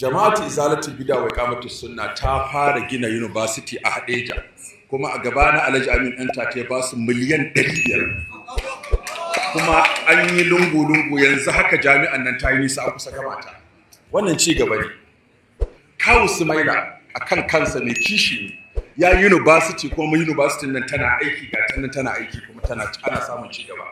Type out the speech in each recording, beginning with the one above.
jama'atu izalatu bida wa iqamatu sunna ta fara gina university a Hadeja kuma a gaba na Alhaji Amin Enta ta ba su miliyan 500 kuma an yi lungu lungu yanzu haka jami'an nan ta yi nisa a kusa ta wannan ci gaba ne kawu Sumaila akan kansa mai kishi ne ya yi university kuma university nan tana aiki ga tana tana aiki kuma tana ana samun ci gaba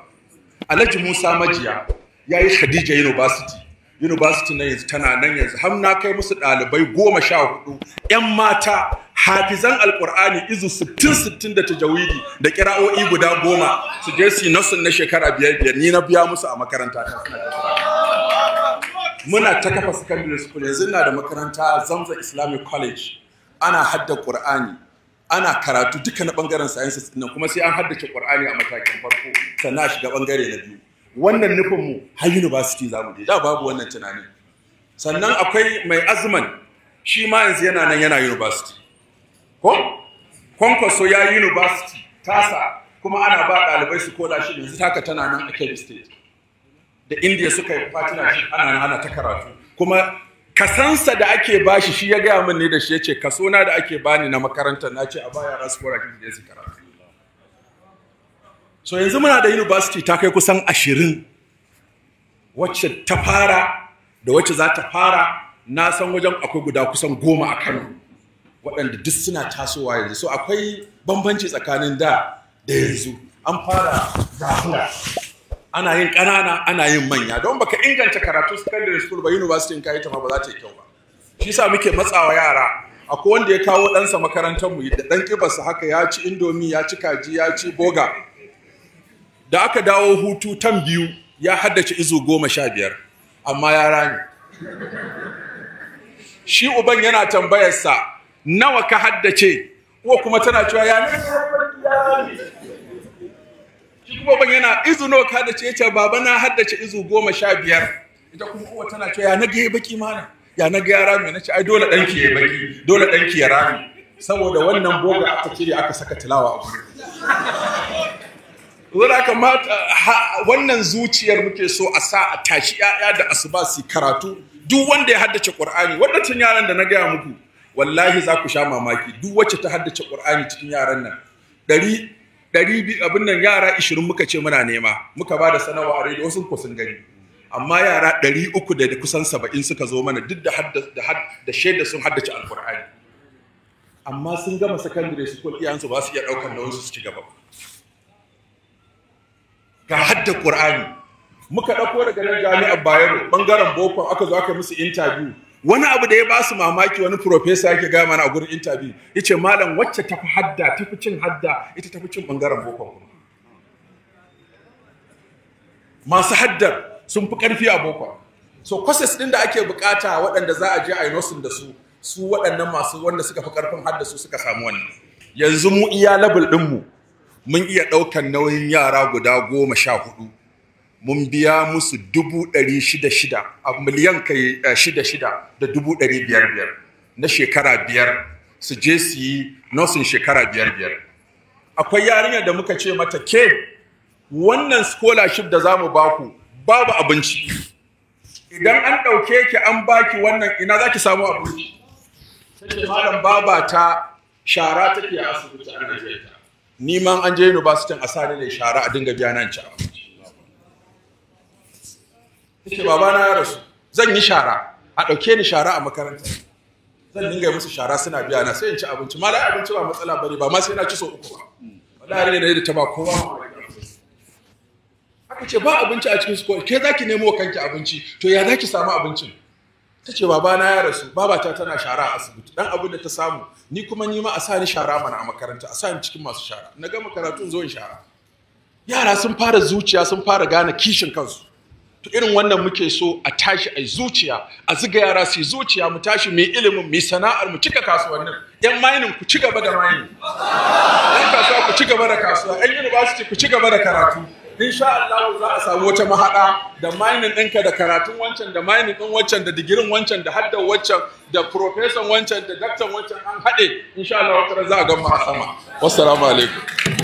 Alhaji Musa Majiya ya yi Khadija University university na yanzu tana nan yanzu har na kai musu ɗalibai goma sha hudu yan mata hafizan alkur'ani izu sittin sittin da tajawidi da kira'o'i guda goma su je su na shekara biyar biyar ni na biya musu a makaranta ta muna ta kafa secondary school yanzu na da makaranta a zamza islamic college ana hadda qur'ani ana karatu duka na bangaren sciences ɗin kuma sai an haddace qur'ani a matakin farko sannan a shiga bangare na biyu wannan nufin mu har university za mu je da babu wannan tunanin sannan akwai mai azman shi ma yanzu yana nan yana university ko kwankwaso ya yi university tasa kuma ana ba ɗalibai su koda shi yanzu taka tana nan a kebbi state da india suka yi fatina shi ana nan ana ta karatu kuma kasansa da ake bashi shi ya gaya min ne da shi ya ce kasona da ake bani na makarantar na ce a baya rasu kora shi da su karatu so yanzu muna da university ta kai kusan ashirin wacce ta fara da wacce za ta fara na san wajen akwai guda kusan goma a kano waɗanda duk suna tasowa yanzu so akwai bambanci tsakanin da da yanzu an fara zafura ana yin ƙanana ana yin manya don baka inganta karatu secondary school ba university in kayi ta ma ba za ta yi kyau ba shi sa muke matsawa yara akwai wanda ya kawo ɗansa makarantar mu da ɗan kibarsa haka ya ci indomi ya ci kaji ya ci boga da aka dawo hutu tan biyu ya haddace izu goma sha biyar amma ya rani shi uban yana tambayarsa nawa ka haddace ko kuma tana cewa ya ne shi kuma uban yana izu nawa ka haddace ya ce baba na haddace izu goma sha biyar ita kuma uwa tana cewa ya nage ya baki mana ya nage ya rami na ce ai dole ɗanki ya baki dole ɗanki ya rami saboda wannan boga aka cire aka saka tilawa a gurin Zura kamata wannan zuciyar muke so a sa a tashi ‘ya'ya da asuba su karatu duk wanda ya haddace ƙur'ani tun yaran da na gaya muku wallahi za ku sha mamaki duk wacce ta haddace ƙur'ani cikin yaran nan ɗari abin nan yara ishirin muka ce muna nema muka ba da sanawa a rediyo sun kusan gani amma yara ɗari da kusan saba'in suka zo mana duk da da shaida sun haddace alƙur'ani amma sun gama sakandare school iyansu ba su iya ɗaukar da su ci gaba ga hadda Qur'ani muka ɗauko daga nan jami'ar Bayero bangaren boko aka zo aka musu interview wani abu da ya ba su mamaki wani professor yake gaya mana a gurin interview yace malam wacce tafi hadda tafi cin hadda ita tafi cin bangaren boko masu haddar sun fi karfi a boko so courses din da ake bukata waɗanda za a je a yi nursing da su su waɗannan masu wanda suka fi karfin hadda su suka samu wani. yanzu mu iya labul ɗinmu mu mun iya ɗaukan nauyin yara guda goma sha hudu mun biya musu dubu ɗari shida shida a miliyan kai eh, shida shida da dubu ɗari biyar biyar na shekara biyar su je su yi nosin shekara biyar biyar akwai yarinyar da muka ce mata ke wannan scholarship da za mu ku babu abinci idan an ɗauke ki an baki wannan ina za ki samu abinci sai malam baba ta shara take a asibiti a Najeriya ni ma an je university a sa ne shara a dinga biya nan ci baba na ya rasu zan yi shara a ɗauke ni shara a makaranta zan dinga musu shara suna biya na sai in ci abinci ma abinci ba matsala bane ba ma sai na ci so uku ba wallahi ne da ta ba kowa aka ce ba abinci a cikin su ke zaki nemo kanki abinci to ya zaki samu abincin ta ce babana ya rasu babata tana shara a asibiti dan abin da ta samu ni kuma ni ma a sa ni shara mana a makaranta a sa ni cikin masu shara na gama karatun zo in shara yara sun fara zuciya sun fara gane kishin kansu to irin wannan muke so a tashi a zuciya a ziga yara su zuciya mu tashi mu ilimin mu sana'ar mu cika kasuwannin yan mining ku ci gaba da mining yan kasuwa ku ci gaba da kasuwa yan university ku ci gaba da karatu insha Allah za a samu wata mahaɗa da mining ɗinka da karatun wancan da mining ɗin wancan da digirin wancan da haddar wancan da profesan wancan da daktan wancan an haɗe insha Allah za a gama a sama wassalamu alaikum